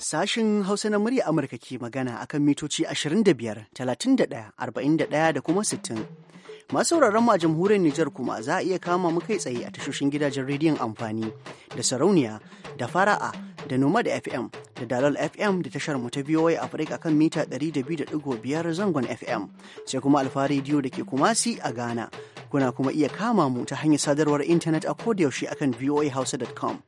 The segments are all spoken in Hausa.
Sashen Hausa na murya Amurka ke magana akan mitoci 25, 31, 41 da kuma 60. Masu mu a jamhuriyar Nijar kuma za a iya kama mu kai tsaye a tashoshin gidajen rediyon amfani da sarauniya da fara'a da noma da FM da dalal FM da tashar mu ta biyo wai Africa kan mita 200.5 zangon FM sai kuma alfa rediyo da ke kumasi a Ghana. Kuna kuma iya kama mu ta hanyar sadarwar intanet a yaushe akan voahausa.com.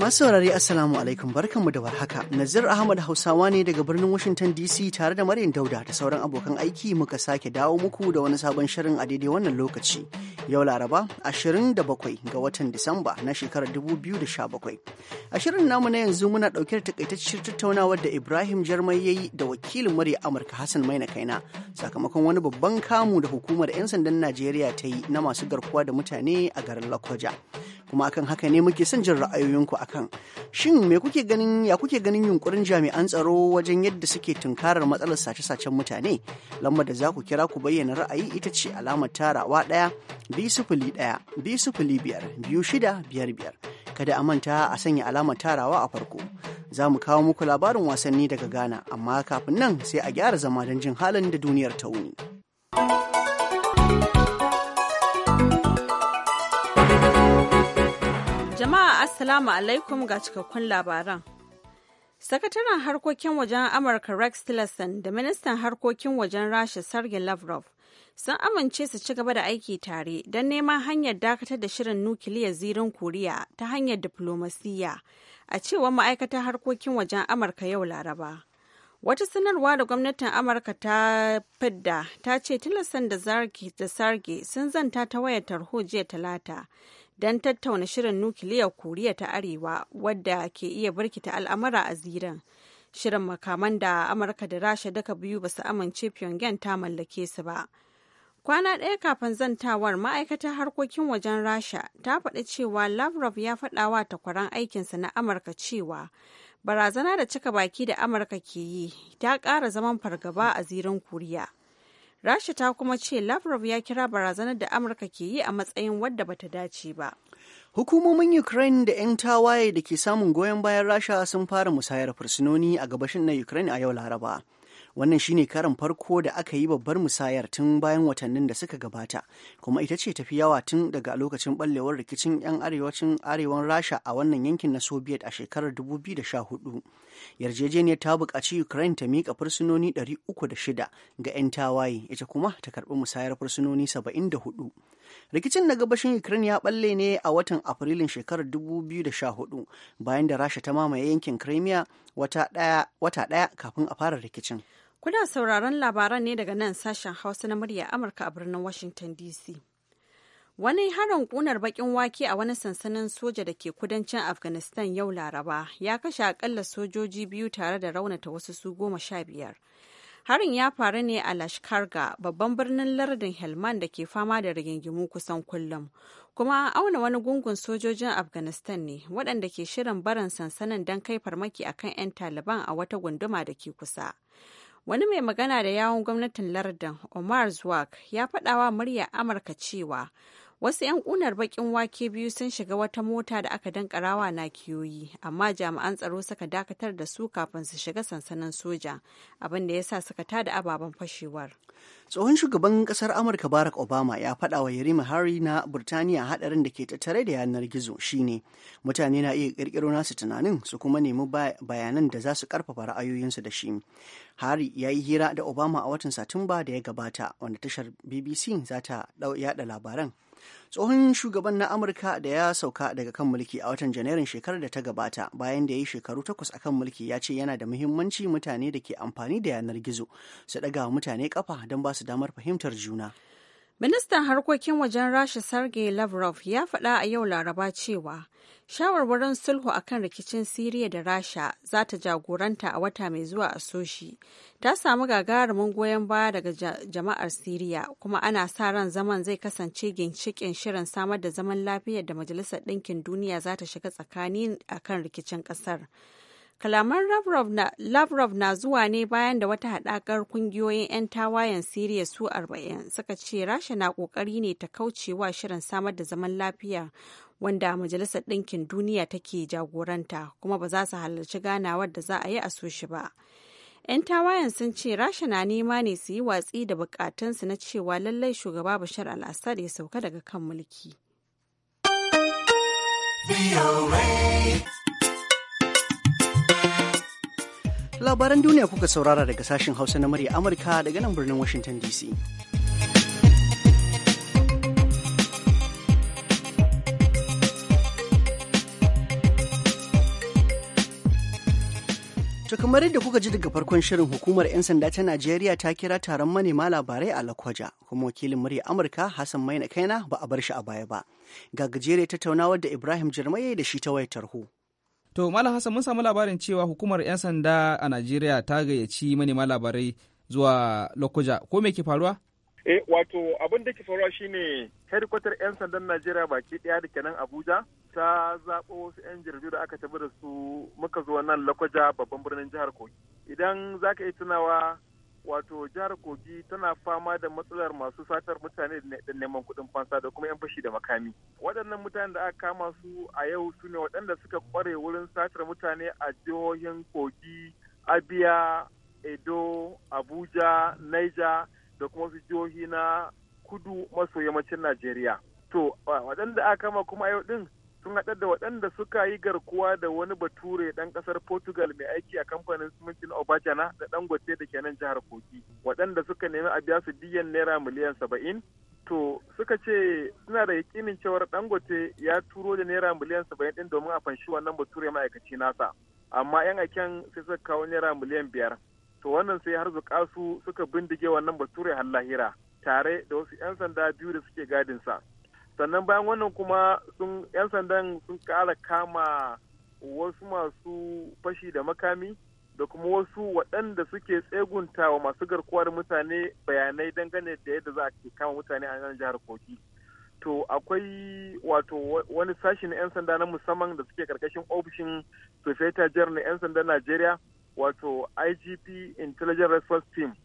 Masu saurari Assalamu alaikum barkanmu da warhaka. Nazir Ahmad Hausawa ne daga birnin Washington DC tare da Maryam Dauda da sauran abokan aiki muka sake dawo muku da wani sabon shirin a daidai wannan lokaci. Yau Laraba 27 ga watan Disamba na shekarar 2017. A shirin namu na yanzu muna ɗauke da takaitacciyar tattaunawar da Ibrahim Jarmai ya yi da wakilin murya Amurka Hassan Maina Kaina sakamakon wani babban kamu da hukumar 'yan sandan Najeriya ta yi na masu garkuwa da mutane a garin Lokoja. kuma akan haka ne muke son jin ra'ayoyinku akan shin me kuke ganin ya kuke ganin yunkurin jami'an tsaro wajen yadda suke tunkarar matsalar sace-sacen mutane lambar da za ku kira ku bayyana ra'ayi ita ce alamar tarawa ɗaya biyu ɗaya biyu sifili biyar biyu shida biyar biyar kada a manta a sanya alamar tarawa a farko za mu kawo muku labarin wasanni daga ghana amma kafin nan sai a gyara zama don jin halin da duniyar ta wuni. Jama'a Assalamu alaikum ga cikakkun labaran. Sakataren harkokin wajen Amurka Rex Tillerson da ministan harkokin wajen Rasha Sergei Lavrov sun amince su ci gaba da aiki tare don neman hanyar dakatar da shirin nukiliyar zirin Koriya ta hanyar diflomasiyya a cewar ma'aikatar harkokin wajen Amurka yau Laraba. Wata sanarwa da gwamnatin Amurka ta fidda ta ce Tillerson da Sarge sun zanta ta wayar tarho jiya Talata. don tattauna shirin nukiliyar koriya ta arewa wadda ke iya birkita al'amura a ziran shirin makaman da amurka da rasha duka biyu ba su amince pyongyang ta mallake su ba kwana ɗaya kafin zantawar ma'aikatar harkokin wajen rasha ta faɗi cewa lavrov ya faɗa wa takwaran aikinsa na amurka cewa barazana da cika baki da amurka ke yi ta ƙara zaman fargaba a zirin koriya Rasha ta kuma ce Lavrov ya kira barazanar da Amurka ke yi a matsayin wadda bata dace ba. Hukumomin Ukraine da 'yan tawaye da ke samun goyon bayan Rasha sun fara musayar fursunoni a gabashin na Ukraine a yau Laraba. wannan shine karin farko da aka yi babbar musayar tun bayan watannin da suka gabata kuma ita ce tafi yawa tun daga lokacin ɓallewar rikicin 'yan arewacin arewan rasha a wannan yankin na soviet a shekarar 2014 yarjejeniyar ta buƙaci ukraine ta miƙa fursunoni 306 ga 'yan tawaye ita kuma ta karɓi musayar fursunoni 74 rikicin na gabashin ukraine ya balle ne a watan afrilun shekarar 2014 bayan da rasha ta mamaye yankin crimea wata daya kafin a fara rikicin kuna sauraron labaran ne daga nan sashen hausa na murya amurka a birnin washington dc Wani harin kunar bakin wake a wani sansanin soja da ke kudancin Afghanistan yau Laraba ya kashe akalla sojoji biyu tare da raunata wasu su goma sha biyar. Harin ya faru ne a Lashkarga, babban birnin lardin Helman da ke fama da rigingimu kusan kullum. Kuma an auna wani gungun sojojin Afghanistan ne waɗanda ke shirin barin sansanin don kai farmaki a kan 'yan Taliban a wata gunduma da ke kusa. Wani mai magana da yawon gwamnatin lardin Omar Zwak ya faɗawa murya Amurka cewa wasu 'yan kunar bakin wake biyu sun shiga wata mota da aka dankarawa na kiyoyi amma jami'an tsaro suka dakatar da su kafin su shiga sansanin soja abin da ya sa suka tada ababen fashewar tsohon shugaban kasar amurka barack obama ya faɗa wa yarima hari na burtaniya haɗarin da ke tattare da yanar gizo shine mutane na iya ƙirƙiro nasu tunanin su kuma nemi bayanan da za su ƙarfafa ra'ayoyinsu da shi hari ya yi hira da obama a watan satumba da ya gabata wanda tashar bbc za ta yada labaran tsohon shugaban na amurka da ya sauka daga kan mulki a watan janairun shekarar da ta gabata bayan da ya yi shekaru takwas a kan mulki ya ce yana da muhimmanci mutane da ke amfani da yanar gizo su ɗaga mutane kafa don ba su damar fahimtar juna Ministan harkokin wajen Rasha Sergei Lavrov ya faɗa a yau Laraba cewa shawarwarin sulhu akan rikicin Siriya da Rasha za ta jagoranta a wata mai zuwa a Soshi ta samu gagarumin goyon baya daga jama'ar Siriya kuma ana sa ran zaman zai kasance ginshikin shirin samar da zaman lafiyar da Majalisar Ɗinkin Duniya za ta shiga tsakani akan rikicin ƙasar. Kalaman Lavrov na zuwa ne bayan da wata haɗakar kungiyoyin 'yan tawayen Siriya su 40 suka ce Rasha na ƙoƙari ne ta kaucewa shirin samar da zaman lafiya wanda Majalisar Ɗinkin Duniya take jagoranta kuma ba za su halarci ganawar da za a yi a so ba. 'Yan tawayen sun ce Rasha na nema ne su yi watsi da bukatunsu na cewa lallai shugaba Bashar al-Assad ya sauka daga kan mulki. Labaran duniya kuka saurara daga sashen Hausa na murya Amurka daga nan birnin Washington DC. To kamar yadda kuka ji daga farkon shirin hukumar 'yan sanda ta Najeriya ta kira taron manema labarai a Lakwaja, kuma wakilin murya Amurka Hassan Maina Kaina ba a bar shi a baya ba. Ga gajere tattaunawar da Ibrahim Jirmaye da shi ta wayar tarho. To Malam Hassan mun samu labarin cewa hukumar 'yan sanda a Najeriya ta gayyaci manema labarai zuwa Lokoja. Ko me ke faruwa? Eh wato abin da ke faruwa shine hedikwatar 'yan sandan Najeriya baki ɗaya da kenan Abuja ta zaɓo wasu 'yan jirgi da aka tafi da su muka zo nan Lokoja babban birnin jihar Kogi. Idan za ka yi tunawa wato jihar kogi tana fama da matsalar masu satar mutane da neman kuɗin fansa da kuma 'yan fashi da makami waɗannan mutane da aka kama su a yau su ne waɗanda suka kware wurin satar mutane a jihohin kogi abia edo abuja naija da kuma su jihohi na kudu maso yammacin najeriya to waɗanda aka kama kuma yau ɗin sun haɗar da waɗanda suka yi garkuwa da wani bature ɗan ƙasar Portugal mai aiki a kamfanin simintin Obajana da Dangote da kenan jihar Kogi, waɗanda suka nemi a biya su biyan naira miliyan saba'in. To suka ce suna da yakinin cewar Dangote ya turo da naira miliyan saba'in ɗin domin a fanshi wannan bature ma'aikaci nasa. Amma 'yan aiken sai suka kawo naira miliyan biyar. To wannan sai har zuƙa su suka bindige wannan bature har lahira tare da wasu 'yan sanda biyu da suke gadinsa. sannan bayan wannan kuma sun 'yan sandan sun kara kama wasu masu fashi da makami da kuma wasu waɗanda suke tsegunta wa masu garkuwar mutane bayanai dangane da yadda za a ke kama mutane a nan jihar kogi to akwai wato wani sashi na 'yan sanda na musamman da suke karkashin ofishin sofeta jihar na 'yan sanda najeriya wato igp intelligent response team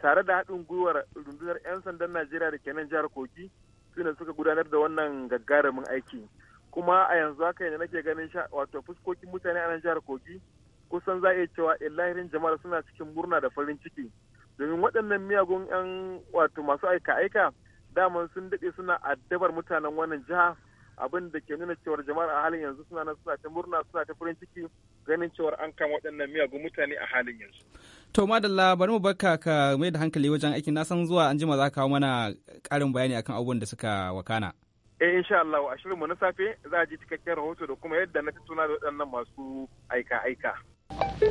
tare da haɗin gwiwar rundunar 'yan sandan najeriya da ke nan jihar kogi sune suka gudanar da wannan gagarumin aiki kuma a yanzu haka yanzu nake ganin wato fuskokin mutane a nan jihar kogi kusan za a iya cewa illahirin jama'a suna cikin murna da farin ciki domin waɗannan miyagun 'yan wato masu aika-aika daman sun daɗe suna addabar mutanen wannan jiha abin da ke nuna cewar jama'ar a halin yanzu suna nan suna ta murna suna ta farin ciki ganin cewar an kama waɗannan miyagun mutane a halin yanzu. To madalla bari mu barka ka mai da hankali wajen aikin na san zuwa an jima za ka kawo mana karin bayani akan abubuwan da suka wakana. Eh insha Allah a shirinmu na safe za a ji cikakken rahoto da kuma yadda na tattauna da waɗannan masu aika aika.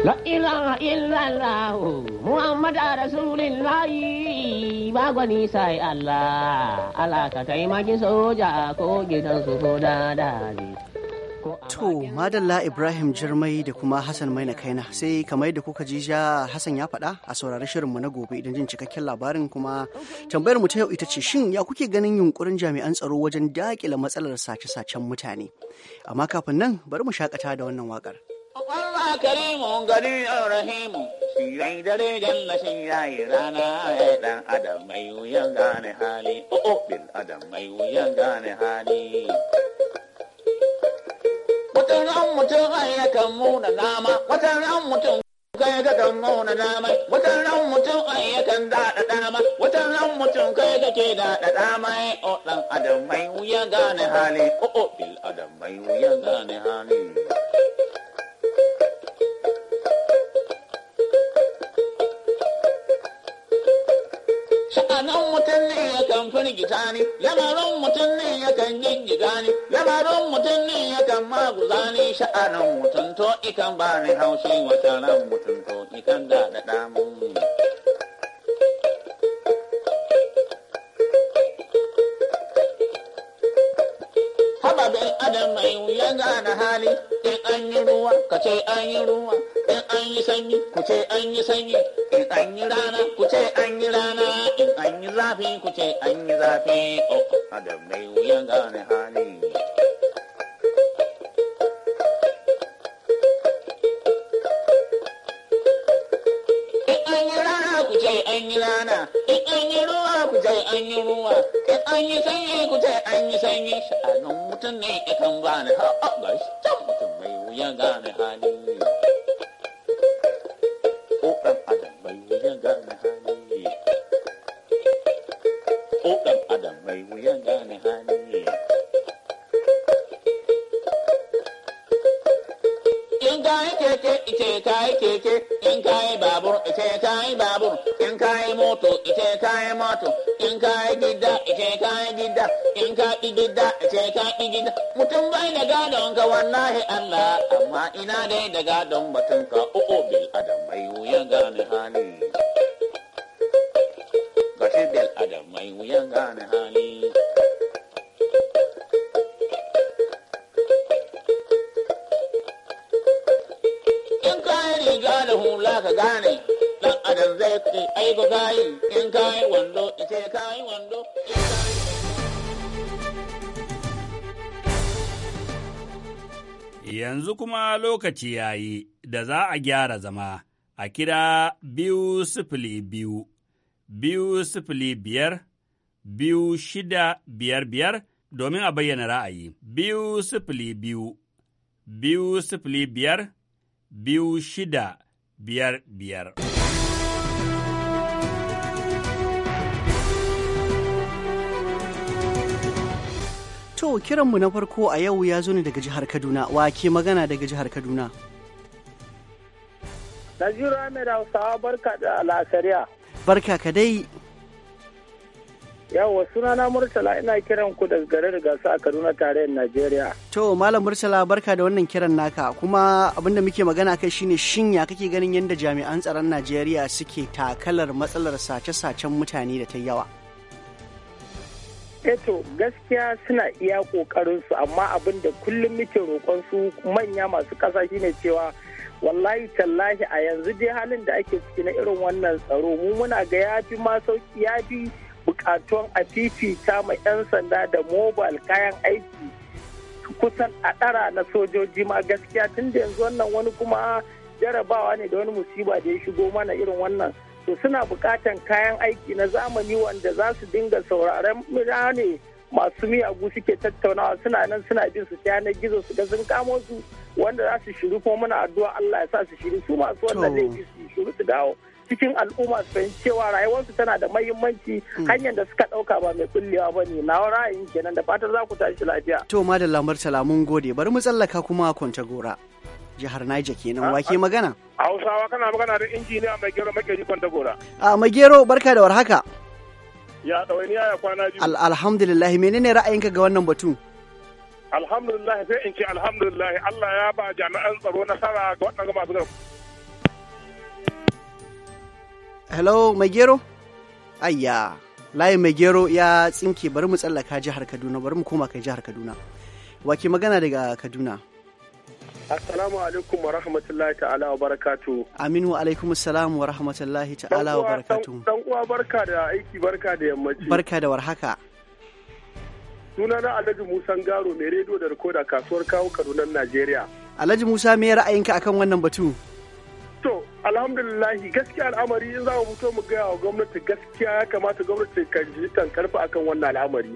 La ilaha illallah Muhammad Rasulullah ba gwani sai Allah Allah ka taimaki soja ko gidan su ko dadali. To, Madalla Ibrahim Jirmai da kuma Hassan Maina Kaina sai kamar da kuka ji ja Hassan ya faɗa a saurari shirinmu na gobe idan jin cikakken labarin kuma tambayar mu ta yau ita ce shin ya kuke ganin yunkurin jami'an tsaro wajen dakila matsalar sace-sacen mutane. Amma kafin nan bari mu shakata da wannan wakar. Allah karimu rahimu shirai dare ya gane hali oh, oh, watan ran mutum an ya kan muna nama watan ran mutum kai ga kan muna nama watan ran mutum an ya kan daɗa dama watan ran mutum kai ga ke daɗa dama o dan adam mai wuya gane hali o o bil adam mai wuya gane hali Sha'anin mutum ne ya kan firgita ne, lamarin mutum ne ya kan gingiga ne, lamarin mutum ne ya kan maguza ne, sha'anan mutum to ikan ba ni haushi wata ran mutum to ikan da da damun. da mai wuya gane hali in an yi ruwa ka ce an yi ruwa in an yi sanyi ku ce an yi sanyi in an yi rana ku ce an yi rana in an yi zafi ku ce an yi zafi oh mai wuya gane hali in an yi rana ku ce an yi rana an yi ruwa in an yi sanyi ku ce an yi sanyi sha'anin mutum ne ikan ha a ga shi can mutum mai wuya gane hali ko ɗan adam mai wuya gane hali ko ɗan adam mai wuya gane hali kayi keke ite kayi keke in kayi babur ite kayi babur in kayi moto ice kayi moto in kayi gida ice kayi gida in kayi gida ite kayi gida mutum bai da gadon ka wallahi Allah amma ina dai da gadon batun ka bil adam mai wuyan gane hali gashi bil adam mai wuyan gane hali da la ka gane dan adam zai ce ai ko kai in kai wando ite kai wando Yanzu kuma lokaci ya yi da za a gyara zama a kira biyu sifili biyu, biyu sifili biyar, biyu shida biyar biyar domin a bayyana ra'ayi. Biyu sifili biyu, biyu sifili biyar, biyu shida biyar biyar. To kiranmu na farko a yau ya zo ne daga jihar Kaduna, wa ke magana daga jihar Kaduna? Najiru Ahmed Hausawa barka da lasariya. Barka ka dai Yawwa sunana Murtala ina kiran ku daga garin gasa a Kaduna tarayyar Najeriya. To Malam Murtala barka da wannan kiran naka kuma abinda muke magana kai shine shinya kake ganin yadda jami'an tsaron Najeriya suke takalar matsalar sace-sacen mutane da ta yawa. Eto eh gaskiya suna iya kokarinsu amma abinda kullum muke roƙon su manya masu ƙasa shine cewa wallahi tallahi a yanzu dai halin da ake ciki na irin wannan tsaro mu muna ga yafi ma sauki yafi bukatun a fifita ma 'yan sanda da mobile kayan aiki kusan a ɗara na sojoji ma gaskiya tun da yanzu wannan wani kuma jarabawa ne da wani musiba da ya shigo mana irin wannan to suna bukatan kayan aiki na zamani wanda za su dinga sauraren ne masu miyagu suke tattaunawa suna nan suna bin su ta yanar gizo su ga sun kamo su wanda za su shiru kuma muna addu'a Allah ya sa su shiru su masu wannan laifi su shiru su dawo cikin al'umma su fahimci cewa rayuwarsu tana da mahimmanci mm. hanyar da suka ɗauka ba mai kullewa ba ne na ra'ayin kenan da fatan za ku tashi lafiya. To ma da lamar salamun gode bari mu tsallaka kuma kwanta gora. jihar Niger kenan wake ah, ah. magana. Hausawa kana magana da injiniya mai gero makeri kwanta gora. A mai gero barka da warhaka. Ya ɗawainiya ya kwana biyu. Alhamdulillah menene ra'ayinka ga wannan batu? alhamdulillah sai in ce alhamdulillah Allah ya ba jami'an tsaro nasara ga waɗanda masu hello mai gero ayya layin mai gero ya tsinke bari mu tsallaka jihar kaduna bari mu koma kai jihar kaduna wake magana daga kaduna assalamu alaikum wa rahmatullahi ta'ala wa barakatu aminu alaikum salamu wa rahmatullahi ta'ala wa barakatu dan uwa barka da aiki barka da yammaci barka da warhaka suna na alhaji musa garo mai rediyo da rikoda kasuwar kawo kaduna najeriya alhaji musa me ra'ayinka akan wannan batu To, alhamdulillahi gaskiya al'amari in za mu fito mu gaya wa gwamnati gaskiya ya kamata gwamnati ta ji tankarfa akan wannan al'amari.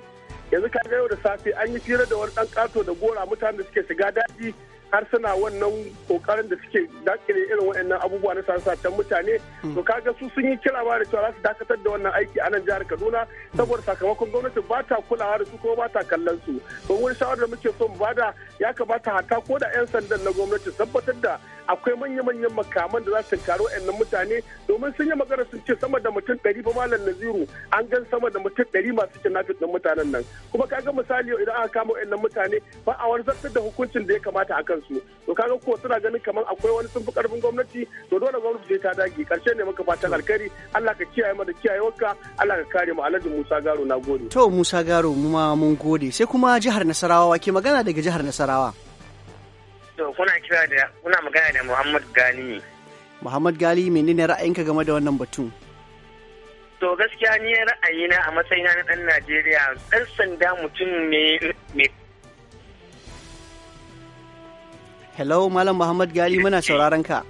Yanzu ka ga yau da safe an yi fira da wani ɗan ƙato da gora mutanen da suke shiga daji har suna wannan kokarin da suke dakile irin waɗannan abubuwa na sasatan mutane to ga su sun yi kira ba da cewa za su dakatar da wannan aiki a nan jihar Kaduna saboda sakamakon gwamnati ba ta kulawa da su kuma ba ta kallon su to wani shawar da muke so mu bada ya kamata hata ko da yan sandan na gwamnati tabbatar da akwai manya-manyan makaman da za su karo yannan mutane domin sun yi magana sun ce sama da mutum ɗari fa malam naziru an gan sama da mutum ɗari masu nafi na mutanen nan kuma kaga misali idan aka kama yannan mutane ba a zartar da hukuncin da ya kamata a kansu to kaga ko suna ganin kamar akwai wani sun fi karfin gwamnati to dole gwamnati zai ta dage karshe ne muka fatan alkhairi Allah ka kiyaye mu da kiyayewarka Allah ka kare mu Alhaji Musa Garo na gode to Musa Garo mu ma mun gode sai kuma jihar Nasarawa ke magana daga jihar Nasarawa to kuna kira da kuna magana da Muhammad Gali ne. Muhammad Gali menene ra'ayinka game da wannan batun? To gaskiya ni ra'ayina a matsayina na ɗan Najeriya ɗan sanda mutum ne Hello Malam Muhammad Gali muna sauraron ka.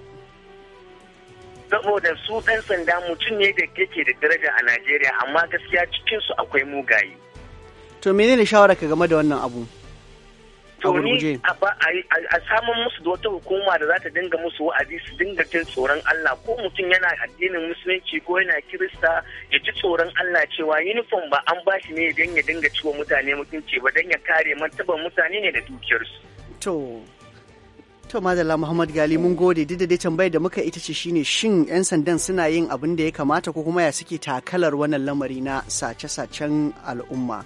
Saboda su ɗan sanda mutum ne da yake da daraja a Najeriya amma gaskiya cikinsu akwai mugaye. To menene shawara ka game da wannan abu? a samun musu da wata hukuma da za ta dinga musu wa'azi su dinga cin tsoron Allah ko mutum yana addinin musulunci ko yana kirista ya ci tsoron Allah cewa uniform ba an bashi ne don ya dinga ciwo mutane mutunci ba don ya kare martaban mutane ne da dukiyarsu. To To Muhammad Gali mun gode duk da dai tambayar da muka ita ce shine shin 'yan sandan suna yin abin da ya kamata ko kuma ya suke takalar wannan lamari na sace-sacen al'umma.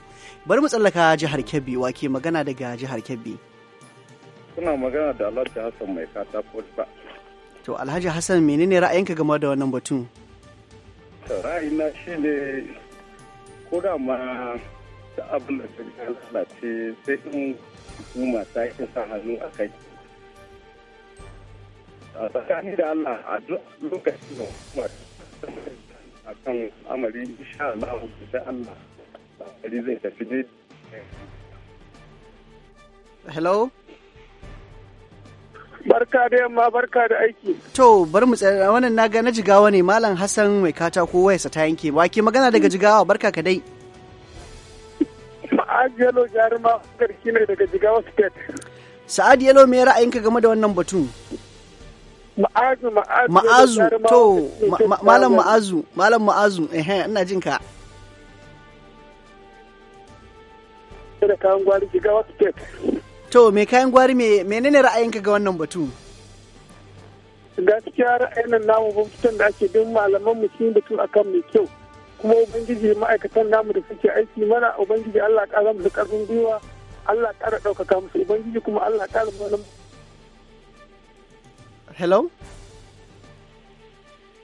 bari mu tsallaka jihar kebbi wake magana daga jihar kebbi kuna magana da alhaji hassan mai katako ba to alhaji hassan menene ra'ayinka game da wannan batun ra'ayina shi ne ko da ma da abin da ta lalace sai in kuma ta yi sa hannu a kai a tsakani da allah a duk lokacin da kuma a kan amari insha allah da allah hello barka da yamma barka da aiki to bar mu tsaya wannan na ga na jigawa ne malam hassan mai katako wayarsa ta yanke ba ke magana daga jigawa barka ka dai sa'ad yalo jaruma garki ne daga jigawa state sa'ad yalo me ra'ayinka game da wannan batun ma'azu ma'azu to malam ma'azu malam ma'azu eh ina jin ka da kayan gwari jigawa state to me kayan gwari me menene ra'ayinka ga wannan batu gaskiya ra'ayin namu fitan da ake bin malaman mu shine batu akan mai kyau kuma ubangiji ma'aikatan namu da suke aiki mana ubangiji Allah ƙara musu ƙarfin gwiwa Allah ƙara ɗaukaka musu ubangiji kuma Allah ƙara mana hello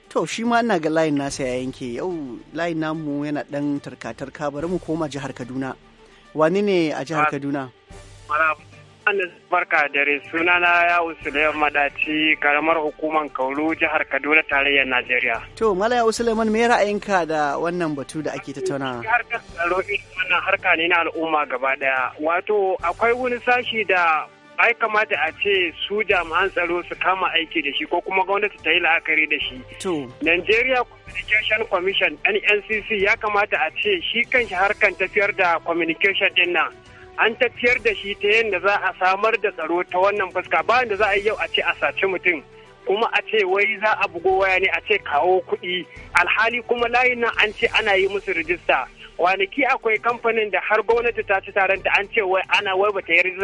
to shi ma ina ga layin nasa ya yanke yau layin namu yana ɗan tarkatar tarka bari mu koma jihar Kaduna wani ne a jihar ah, kaduna barka dare na ya usuleman madaci karamar hukumar kauru jihar kaduna tarayyar najeriya to mala ya usuleman me ra'ayinka da wannan batu da ake tattauna wannan harka ne na al'umma gaba daya wato akwai wani sashi da ai kamata a ce su jami'an tsaro su kama aiki da shi ko kuma gwamnati ta yi la'akari da shi. Nigeria Communication Commission NNCC ya kamata a ce shi kan kanshi harkan tafiyar da communication din nan. An tafiyar da shi ta yadda za a samar da tsaro ta wannan fuska ba da za a yi yau a ce a saci mutum. kuma a ce wai za a bugo waya ne a ce kawo kuɗi alhali kuma layin nan an ce ana yi musu rijista kwanaki akwai kamfanin da har gwamnati ta ci taron ta an ce wai ana wai bata yi su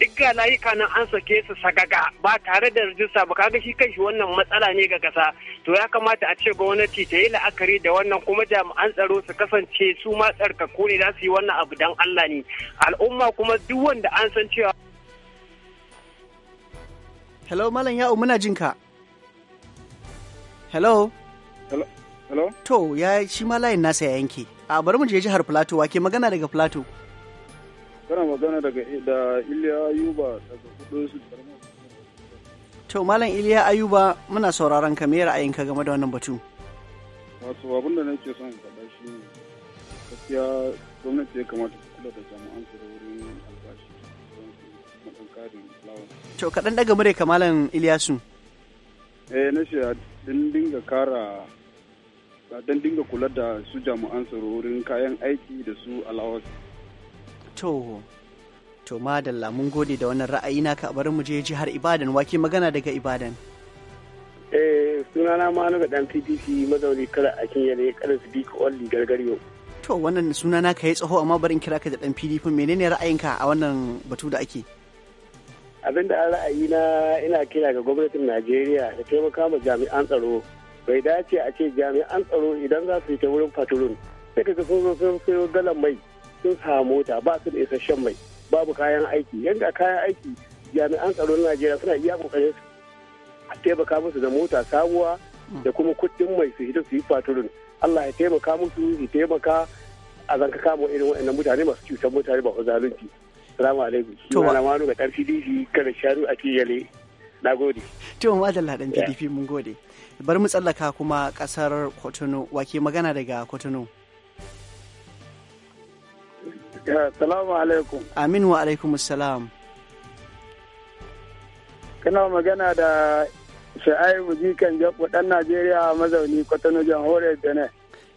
duk ga layuka nan an sake su sagaga ba tare da rijista ba kaga shi kanshi wannan matsala ne ga kasa to ya kamata a ce gwamnati ta yi la'akari da wannan kuma jami'an tsaro su kasance su ma tsarkaku ne za su yi wannan abu dan Allah ne al'umma kuma duk wanda an san cewa Hello Malam Ya'u muna jinka Hello Hello? To, ya shi ma layin nasa ya yanke. A bari mu je jihar wa ke magana daga Filato? Kana magana daga da Iliya Ayuba daga Kudu su To, Malam Iliya Ayuba muna sauraron ka me ra'ayinka game da wannan batu? Wasu abin da nake son faɗa shi ne gaskiya gwamnati ya kamata ta kula da jama'an su wurin albashi don su karin To, kaɗan ɗaga mure ka Malam Iliyasu. Eh, na shi dindin dinga kara don dinga kula da su jami'an tsaro wurin kayan aiki da su alawas. To, to madalla mun gode da wannan ra'ayi naka a bari mu je jihar Ibadan wake magana daga Ibadan. Eh sunana ma na dan PDP mazauni kala a kin yare kada su bi olli gargariyo. To wannan suna ka yi tsaho amma barin kira ka da dan PDP menene ra'ayinka a wannan batu da ake? Abinda an ra'ayi na ina kira ga gwamnatin Najeriya da taimaka ma jami'an tsaro bai dace a ce jami'an tsaro idan za su yi ta wurin faturun sai ka sun zo sun sayo galan mai sun samu mota ba su da isasshen mai babu kayan aiki yadda kayan aiki jami'an tsaro na najeriya suna iya kokarin a taimaka musu da mota sabuwa da kuma kuɗin mai su hita su yi faturun allah ya taimaka musu ya taimaka a zanka kamo irin wa'annan mutane masu cutar mutane ba zalunci salamu alaikum shi ma na ga ƙarfi dishi kada sharu a yale na gode to madalla dan PDP mun gode bari mu tsallaka kuma kasar Kotono wake magana daga Kotono Assalamu alaikum Amin wa alaikum assalam Kana magana da Sha'ibu Jikan Jabo dan Najeriya mazauni Kotono jamhuriyar Benin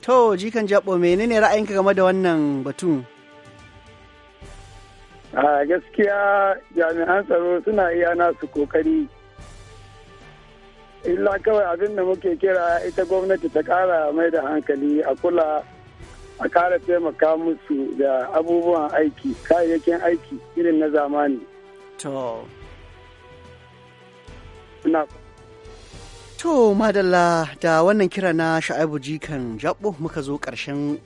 To Jikan Jabo menene ra'ayinka game da wannan batun? a gaskiya jami'an tsaro suna iya nasu kokari illa kawai abin da muke kira ita gwamnati ta kara mai da hankali a kula a kara taimaka musu da abubuwan aiki kayayyakin aiki irin na zamani to To madalla da wannan kira na sha'abu jikan jabbo muka zo ƙarshen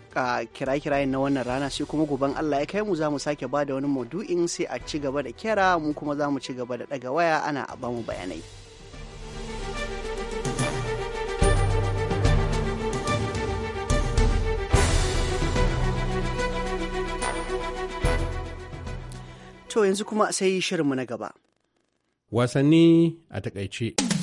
kira-kirayen na wannan rana sai kuma guban Allah ya kai mu za mu sake ba da wani maudu'in sai a ci gaba da kera mu kuma za mu ci gaba da ɗaga waya ana a bamu bayanai. To yanzu kuma sai shirinmu na gaba. Wasanni a takaice.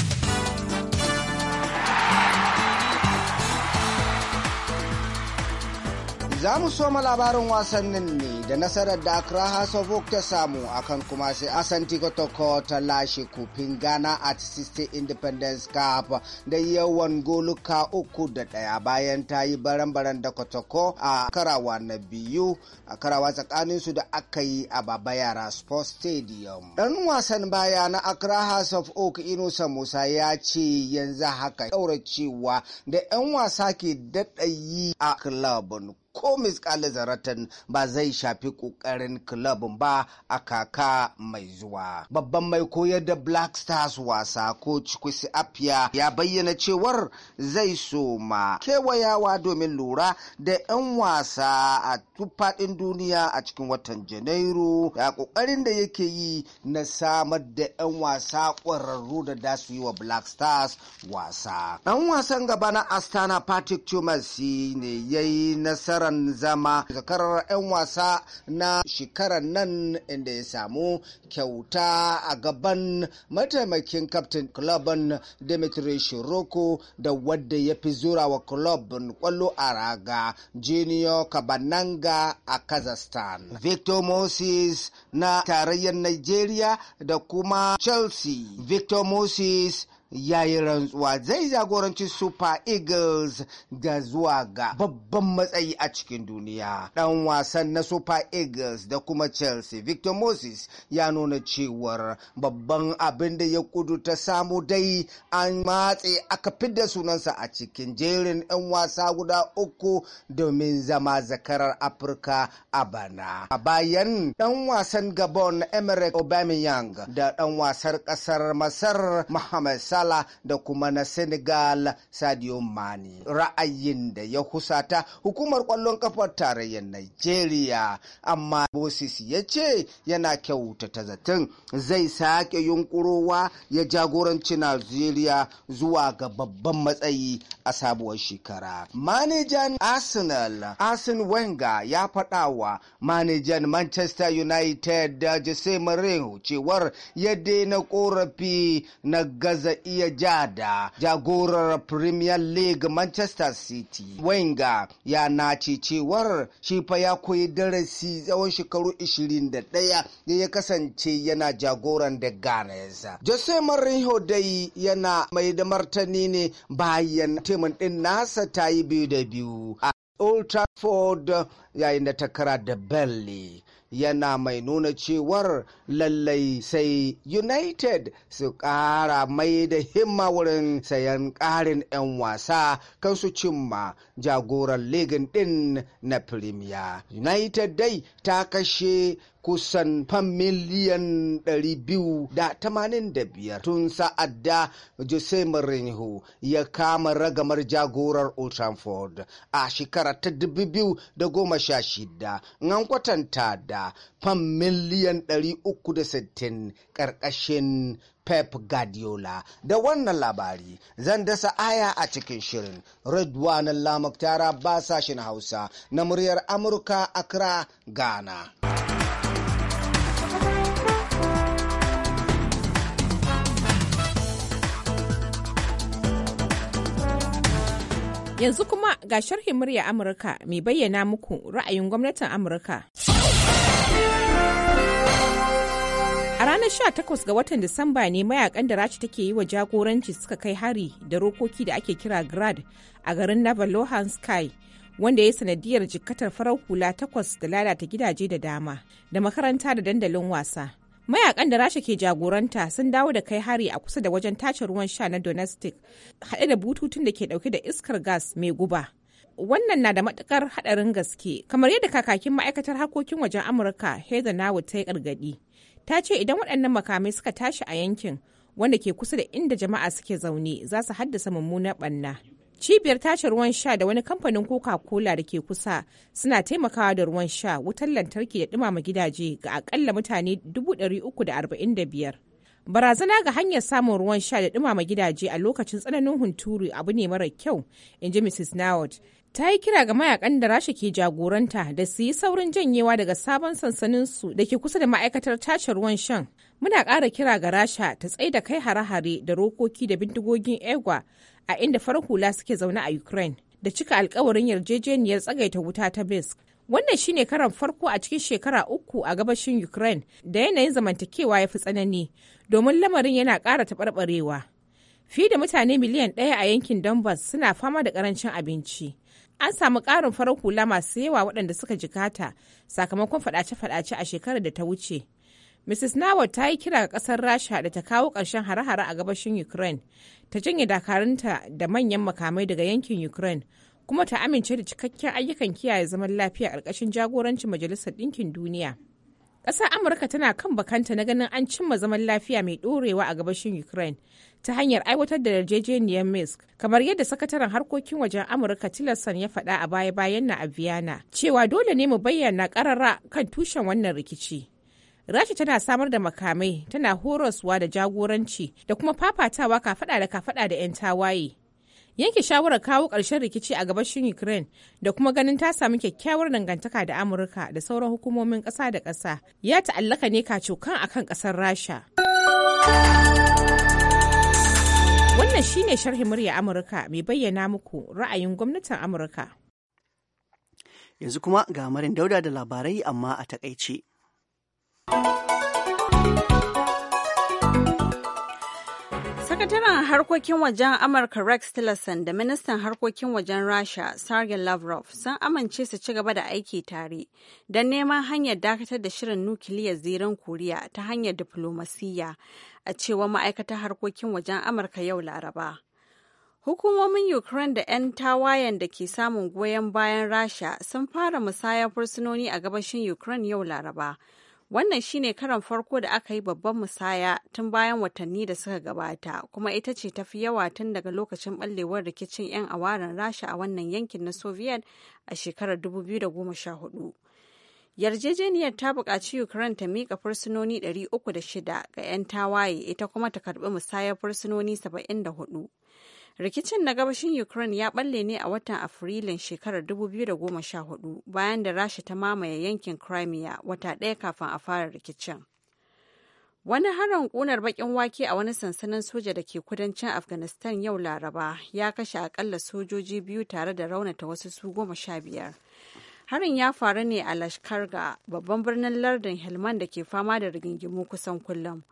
Za mu soma labarin wasannin ne da nasarar da Accra House of ta samu akan kuma sai Asanti Kotoko ta lashe kufin Ghana at 60 Independence Cup da yawan goluka uku da ɗaya bayan ta yi baran-baran da Kotoko a karawa na biyu a karawa tsakanin su da aka yi a Baba Yara Sports Stadium. Ɗan wasan baya na Accra House of Oak Inusa Musa ya ce yanzu haka daura cewa da 'yan wasa ke daɗa yi a club ko misƙali zaratan ba zai shafi ƙoƙarin kulabin ba a kaka mai zuwa. Babban mai koyar da Black Stars wasa ko cikusi Apia ya bayyana cewar zai so ma. kewayawa domin lura da 'yan wasa a tufaɗin duniya a cikin watan Janairu da ƙoƙarin da yake yi na samar da 'yan wasa ƙwararru da da su yi wa Black Stars wasa. Ɗan wasan gaba na Astana Patrick ne ya yi nasarar zakaran zama zakarar 'yan wasa na shekarar nan inda ya samu kyauta a gaban mataimakin kaftin kulabin dimitri shiroko da wadda ya fi zura wa kulabin kwallo a raga junior kabananga a kazakhstan victor moses na tarayyar nigeria da kuma chelsea victor moses ya yi rantsuwa zai jagoranci super eagles da zuwa ga babban matsayi a cikin duniya dan wasan na super eagles da kuma chelsea victor moses ya nuna cewar babban abin da ya kudu ta samu dai an matse aka fidda sunansa a cikin jerin 'yan wasa guda uku domin zama zakarar afirka a bana a bayan dan wasan gabon emirates aubameyang da dan wasar kasar masar mohamed Salah da kuma na Senegal Sadio Mane. Ra'ayin da ya husata hukumar kwallon kafar tarayyar Najeriya, amma Bosis ya ce yana kyauta ta zaton zai sake yunkurowa ya jagoranci Najeriya zuwa ga babban matsayi a sabuwar shekara. Manajan Arsenal, Arsene Wenger ya faɗa wa manajan Manchester United Jose Mourinho cewar ya daina korafi na gaza iya ja da jagorar Premier League Manchester City. wenga ya nace cewar shi fa ya koyi darasi tsawon shekaru 21 da ya kasance yana jagoran da Ganes. Jose Mourinho dai yana mai da martani ne bayan timin din nasa ta yi biyu da biyu a Old Trafford yayin da ta kara da Burnley. yana mai nuna cewar lallai sai united su kara mai da himma wurin sayan karin 'yan wasa kan su cimma jagoran ligin din na premier united dai ta kashe kusan fan miliyan 285 tun sa'ad da Jose Mourinho ya kama ragamar jagorar Old Trafford a shekara ta 2016 n'an kwatanta da fan miliyan 360 ƙarƙashin Pep Guardiola. Da wannan labari zan dasa aya a cikin shirin Redwan Lamuktara ba sashen Hausa na muryar Amurka Accra, Ghana. Yanzu kuma ga sharhin murya Amurka mai bayyana muku ra'ayin gwamnatin Amurka. A ranar 18 ga watan Disamba ne mayakan da Rasha take yi wa jagoranci suka kai hari da rokoki da ake kira Grad a garin Navalohansky wanda ya yi sanadiyar jikkatar farar hula takwas da lalata gidaje da dama da makaranta da dandalin wasa. mayakan da rasha ke jagoranta sun dawo da kai hari a kusa da wajen tace ruwan sha na domestic haɗe da bututun da ke ɗauke da iskar gas mai guba wannan na da matukar haɗarin gaske kamar yadda kakakin ma'aikatar harkokin wajen amurka heather nawo ta yi gargaɗi ta ce idan waɗannan makamai suka tashi a yankin wanda ke kusa da inda jama'a suke zaune za su haddasa mummunar ɓanna Cibiyar tace ruwan sha da wani kamfanin Coca-Cola da ke kusa suna taimakawa da ruwan sha, wutar lantarki da ɗumama gidaje ga akalla mutane 345. Barazana ga hanyar samun ruwan sha da ɗumama gidaje a lokacin tsananin hunturu abu ne mara kyau, in ji Mrs. Nawad, ta yi kira ga mayakan da rasha ke jagoranta da su yi saurin janyewa daga sabon sansaninsu da ke kusa da ma'aikatar tace ruwan shan muna ƙara kira ga rasha ta tsaida kai hare-hare da rokoki da bindigogin egwa a inda farar hula suke zaune a ukraine da cika alkawarin yarjejeniyar tsagaita wuta ta bisk wannan shine karan farko a cikin shekara uku a gabashin ukraine da yanayin zamantakewa ya fi tsanani domin lamarin yana ƙara taɓarɓarewa Fiye da mutane miliyan ɗaya a yankin Donbass suna fama da ƙarancin abinci. An samu ƙarin farar hula masu yawa waɗanda suka jikata sakamakon faɗace-faɗace a shekarar da ta wuce. Mrs. Nawat ta yi kira ga ƙasar Rasha da ta kawo ƙarshen hare-hare a gabashin Ukraine, ta janye dakarunta da manyan makamai daga yankin Ukraine, kuma ta amince da cikakken ayyukan kiyaye zaman lafiya ƙarƙashin jagorancin Majalisar Ɗinkin Duniya. ƙasar amurka tana kan bakanta na ganin an cimma zaman lafiya mai ɗorewa a gabashin ukraine ta hanyar aiwatar da yarjejeniyar minsk kamar yadda sakataren harkokin wajen amurka tillerson ya faɗa a baya-bayan na a vienna cewa dole ne mu bayyana ƙarara kan tushen wannan rikici rashi tana samar da makamai tana horoswa da jagoranci da kuma fafatawa kafaɗa da kafaɗa da 'yan tawaye yanke shawarar kawo ƙarshen rikici a gabashin ukraine da kuma ganin ta samu kyakkyawar dangantaka da amurka da sauran hukumomin ƙasa da ƙasa ya ta'allaka ne kacokan akan ƙasar rasha wannan shine sharhi murya amurka mai bayyana muku ra'ayin gwamnatin amurka yanzu kuma ga marin dauda da labarai amma a takaice. Sakataren harkokin wajen Amurka Rex Tillerson da ministan harkokin wajen Rasha Sergey Lavrov sun amince su ci gaba da aiki tare don neman hanyar dakatar da shirin nukiliyar zirin Koriya ta hanyar diflomasiyya a cewa ma'aikatar harkokin wajen Amurka yau Laraba. Hukumomin Ukraine da 'yan tawayen da ke samun goyon bayan Rasha sun fara musayar fursunoni a gabashin Ukraine yau Laraba. Wannan shine karan farko da aka yi babban musaya tun bayan watanni da suka gabata, kuma ita ce tafi yawa tun daga lokacin ɓallewar rikicin 'yan awaran Rasha a wannan yankin na Soviet a shekarar 2014. Yarjejeniyar ta buƙaci Ukraine ta miƙa fursunoni 306 ga 'yan tawaye, ita kuma ta karɓi musayar fursunoni 74. Rikicin na gabashin Ukraine ya balle ne a watan Afrilun shekarar 2014 bayan da Rasha ta mamaye yankin Crimea wata ɗaya kafin a fara rikicin. Wani harin ƙunar baƙin wake a wani sansanin soja da ke kudancin Afghanistan yau Laraba ya kashe akalla sojoji biyu tare da raunata wasu su goma sha biyar. Harin ya faru ne a Lashkarga, babban birnin lardin Helman da ke fama da rigingimu kusan kullum.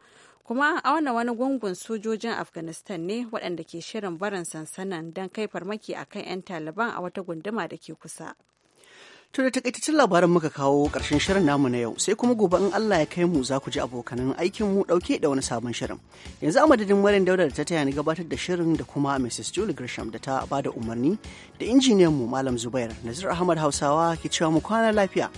kuma wannan wani gungun sojojin afghanistan ne waɗanda ke shirin barin sansanan don kai farmaki a kan 'yan taliban a wata gunduma da ke kusa To da takaitaccen labarin muka kawo ƙarshen shirin namu na yau sai kuma gobe in Allah ya kai mu za ku ji abokanan aikin mu ɗauke da wani sabon shirin. Yanzu a madadin Maryam Dauda da ta taya ni gabatar da shirin da kuma Mrs. Julie Grisham da ta bada umarni da injiniyan mu Malam Zubair Nazir Ahmad Hausawa ke cewa mu kwana lafiya.